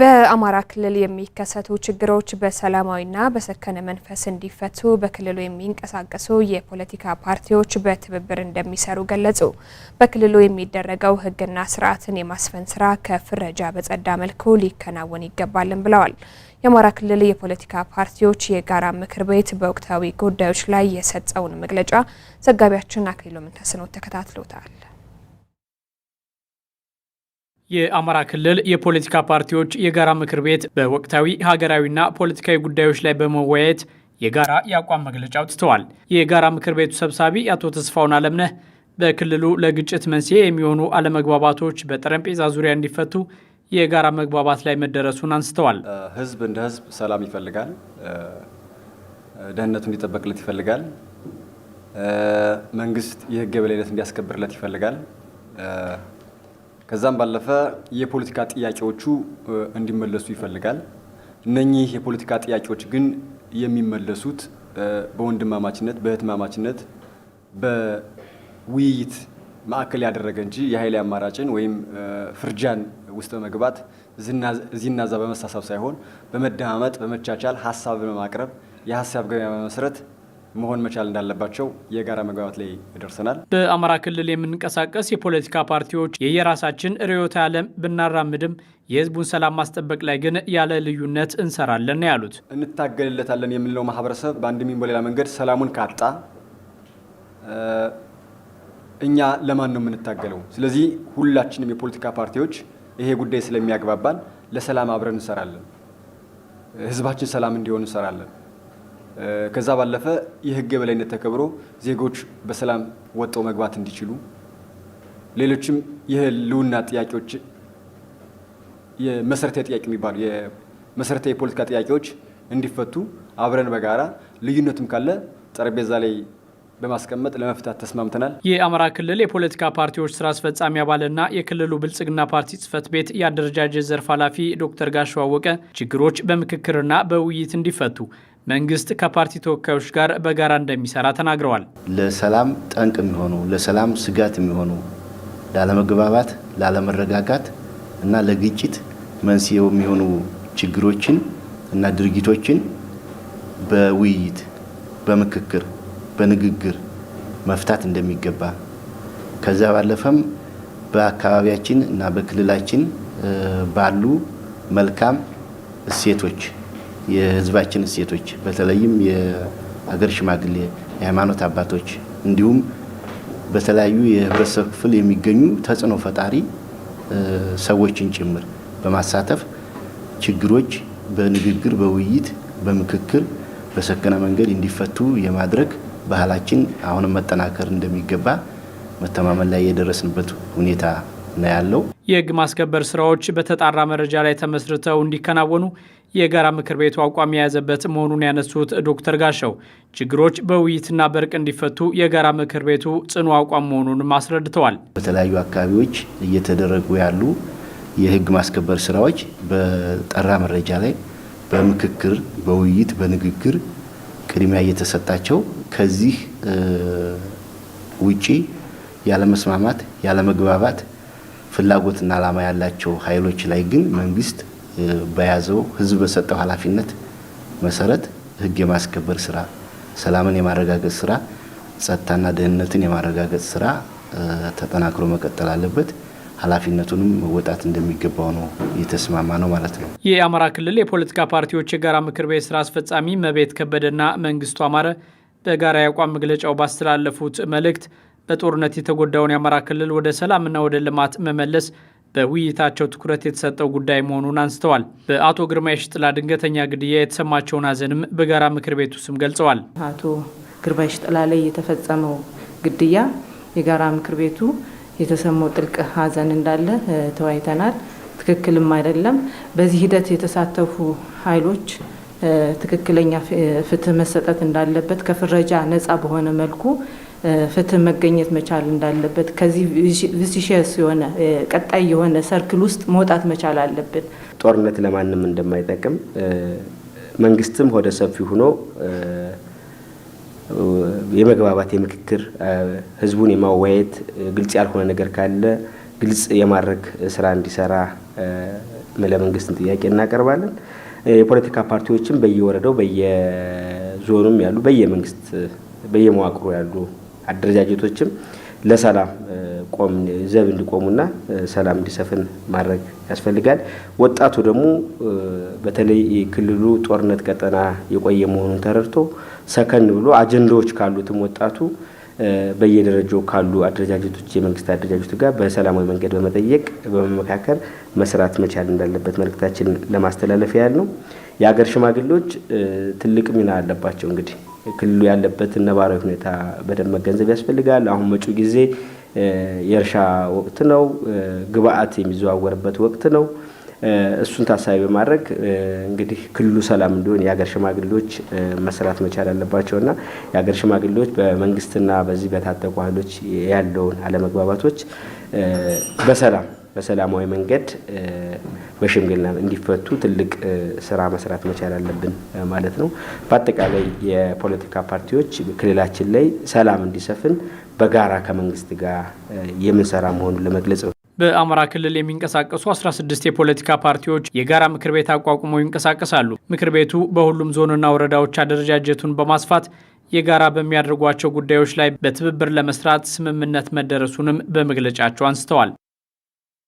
በአማራ ክልል የሚከሰቱ ችግሮች በሰላማዊና በሰከነ መንፈስ እንዲፈቱ በክልሉ የሚንቀሳቀሱ የፖለቲካ ፓርቲዎች በትብብር እንደሚሰሩ ገለጹ። በክልሉ የሚደረገው ሕግና ስርዓትን የማስፈን ስራ ከፍረጃ በጸዳ መልኩ ሊከናወን ይገባልን ብለዋል። የአማራ ክልል የፖለቲካ ፓርቲዎች የጋራ ምክር ቤት በወቅታዊ ጉዳዮች ላይ የሰጠውን መግለጫ ዘጋቢያችን አክሊሉ ምንተስኖት ተከታትሎታል። የአማራ ክልል የፖለቲካ ፓርቲዎች የጋራ ምክር ቤት በወቅታዊ ሀገራዊና ፖለቲካዊ ጉዳዮች ላይ በመወያየት የጋራ የአቋም መግለጫ አውጥተዋል። የጋራ ምክር ቤቱ ሰብሳቢ አቶ ተስፋውን አለምነህ በክልሉ ለግጭት መንስኤ የሚሆኑ አለመግባባቶች በጠረጴዛ ዙሪያ እንዲፈቱ የጋራ መግባባት ላይ መደረሱን አንስተዋል። ህዝብ እንደ ህዝብ ሰላም ይፈልጋል፣ ደህንነቱ እንዲጠበቅለት ይፈልጋል፣ መንግስት የህግ የበላይነት እንዲያስከብርለት ይፈልጋል። ከዛም ባለፈ የፖለቲካ ጥያቄዎቹ እንዲመለሱ ይፈልጋል። እነኚህ የፖለቲካ ጥያቄዎች ግን የሚመለሱት በወንድማማችነት በህትማማችነት በውይይት ማዕከል ያደረገ እንጂ የኃይል አማራጭን ወይም ፍርጃን ውስጥ በመግባት እዚህና እዛ በመሳሳብ ሳይሆን በመደማመጥ በመቻቻል ሀሳብ በማቅረብ የሀሳብ ገበያ በመመስረት መሆን መቻል እንዳለባቸው የጋራ መግባባት ላይ ደርሰናል። በአማራ ክልል የምንቀሳቀስ የፖለቲካ ፓርቲዎች የየራሳችን ርዕዮተ ዓለም ብናራምድም የህዝቡን ሰላም ማስጠበቅ ላይ ግን ያለ ልዩነት እንሰራለን ነው ያሉት። እንታገልለታለን የምንለው ማህበረሰብ ሚን በሌላ መንገድ ሰላሙን ካጣ እኛ ለማን ነው የምንታገለው? ስለዚህ ሁላችንም የፖለቲካ ፓርቲዎች ይሄ ጉዳይ ስለሚያግባባን ለሰላም አብረን እንሰራለን። ህዝባችን ሰላም እንዲሆን እንሰራለን። ከዛ ባለፈ የህግ የበላይነት ተከብሮ ዜጎች በሰላም ወጥተው መግባት እንዲችሉ ሌሎችም የህልውና ጥያቄዎች የመሰረታዊ ጥያቄ የሚባሉ የመሰረታዊ የፖለቲካ ጥያቄዎች እንዲፈቱ አብረን በጋራ ልዩነቱም ካለ ጠረጴዛ ላይ በማስቀመጥ ለመፍታት ተስማምተናል። የአማራ ክልል የፖለቲካ ፓርቲዎች ስራ አስፈጻሚ አባልና የክልሉ ብልጽግና ፓርቲ ጽህፈት ቤት የአደረጃጀት ዘርፍ ኃላፊ ዶክተር ጋሻው አወቀ ችግሮች በምክክርና በውይይት እንዲፈቱ መንግስት ከፓርቲ ተወካዮች ጋር በጋራ እንደሚሰራ ተናግረዋል። ለሰላም ጠንቅ የሚሆኑ ለሰላም ስጋት የሚሆኑ ላለመግባባት፣ ላለመረጋጋት እና ለግጭት መንስ የሚሆኑ ችግሮችን እና ድርጊቶችን በውይይት፣ በምክክር፣ በንግግር መፍታት እንደሚገባ ከዛ ባለፈም በአካባቢያችን እና በክልላችን ባሉ መልካም እሴቶች የህዝባችን እሴቶች በተለይም የአገር ሽማግሌ፣ የሃይማኖት አባቶች እንዲሁም በተለያዩ የህብረተሰብ ክፍል የሚገኙ ተጽዕኖ ፈጣሪ ሰዎችን ጭምር በማሳተፍ ችግሮች በንግግር በውይይት በምክክር በሰከነ መንገድ እንዲፈቱ የማድረግ ባህላችን አሁንም መጠናከር እንደሚገባ መተማመን ላይ የደረስንበት ሁኔታ ላይ ያለው የህግ ማስከበር ስራዎች በተጣራ መረጃ ላይ ተመስርተው እንዲከናወኑ የጋራ ምክር ቤቱ አቋም የያዘበት መሆኑን ያነሱት ዶክተር ጋሻው ችግሮች በውይይትና በእርቅ እንዲፈቱ የጋራ ምክር ቤቱ ጽኑ አቋም መሆኑንም አስረድተዋል። በተለያዩ አካባቢዎች እየተደረጉ ያሉ የህግ ማስከበር ስራዎች በጠራ መረጃ ላይ በምክክር፣ በውይይት፣ በንግግር ቅድሚያ እየተሰጣቸው ከዚህ ውጪ ያለመስማማት፣ ያለመግባባት ፍላጎትና ዓላማ ያላቸው ኃይሎች ላይ ግን መንግስት በያዘው ህዝብ በሰጠው ኃላፊነት መሰረት ህግ የማስከበር ስራ፣ ሰላምን የማረጋገጥ ስራ፣ ጸጥታና ደህንነትን የማረጋገጥ ስራ ተጠናክሮ መቀጠል አለበት። ኃላፊነቱንም መወጣት እንደሚገባው ነው የተስማማ ነው ማለት ነው። የአማራ ክልል የፖለቲካ ፓርቲዎች የጋራ ምክር ቤት ስራ አስፈጻሚ መቤት ከበደና መንግስቱ አማረ በጋራ የአቋም መግለጫው ባስተላለፉት መልእክት በጦርነት የተጎዳውን የአማራ ክልል ወደ ሰላምና ወደ ልማት መመለስ በውይይታቸው ትኩረት የተሰጠው ጉዳይ መሆኑን አንስተዋል። በአቶ ግርማ የሽጥላ ድንገተኛ ግድያ የተሰማቸውን ሐዘንም በጋራ ምክር ቤቱ ስም ገልጸዋል። አቶ ግርማ የሽጥላ ላይ የተፈጸመው ግድያ የጋራ ምክር ቤቱ የተሰማው ጥልቅ ሐዘን እንዳለ ተወያይተናል። ትክክልም አይደለም። በዚህ ሂደት የተሳተፉ ኃይሎች ትክክለኛ ፍትህ መሰጠት እንዳለበት ከፍረጃ ነፃ በሆነ መልኩ ፍትህ መገኘት መቻል እንዳለበት ከዚህ ቪሲሽስ የሆነ ቀጣይ የሆነ ሰርክል ውስጥ መውጣት መቻል አለብን። ጦርነት ለማንም እንደማይጠቅም መንግስትም ሆደ ሰፊ ሆኖ የመግባባት የምክክር ህዝቡን የማወያየት ግልጽ ያልሆነ ነገር ካለ ግልጽ የማድረግ ስራ እንዲሰራ ለመንግስትን ጥያቄ እናቀርባለን። የፖለቲካ ፓርቲዎችም በየወረዳው በየዞኑም ያሉ በየመንግስት በየመዋቅሩ ያሉ አደረጃጀቶችም ለሰላም ቆም ዘብ እንዲቆሙና ሰላም እንዲሰፍን ማድረግ ያስፈልጋል። ወጣቱ ደግሞ በተለይ የክልሉ ጦርነት ቀጠና የቆየ መሆኑን ተረድቶ ሰከን ብሎ አጀንዳዎች ካሉትም ወጣቱ በየደረጃው ካሉ አደረጃጀቶች የመንግስት አደረጃጀቶች ጋር በሰላማዊ መንገድ በመጠየቅ በመመካከል መስራት መቻል እንዳለበት መልእክታችን ለማስተላለፍ ያህል ነው። የሀገር ሽማግሌዎች ትልቅ ሚና አለባቸው። እንግዲህ ክልሉ ያለበት ነባራዊ ሁኔታ በደንብ መገንዘብ ያስፈልጋል። አሁን መጪው ጊዜ የእርሻ ወቅት ነው፣ ግብአት የሚዘዋወርበት ወቅት ነው። እሱን ታሳቢ በማድረግ እንግዲህ ክልሉ ሰላም እንዲሆን የሀገር ሽማግሌዎች መስራት መቻል አለባቸው እና የሀገር ሽማግሌዎች በመንግስትና በዚህ በታጠቁ ኃይሎች ያለውን አለመግባባቶች በሰላም በሰላማዊ መንገድ በሽምግልና እንዲፈቱ ትልቅ ስራ መስራት መቻል አለብን ማለት ነው። በአጠቃላይ የፖለቲካ ፓርቲዎች ክልላችን ላይ ሰላም እንዲሰፍን በጋራ ከመንግስት ጋር የምንሰራ መሆኑን ለመግለጽ ነው። በአማራ ክልል የሚንቀሳቀሱ 16 የፖለቲካ ፓርቲዎች የጋራ ምክር ቤት አቋቁመው ይንቀሳቀሳሉ። ምክር ቤቱ በሁሉም ዞንና ወረዳዎች አደረጃጀቱን በማስፋት የጋራ በሚያደርጓቸው ጉዳዮች ላይ በትብብር ለመስራት ስምምነት መደረሱንም በመግለጫቸው አንስተዋል።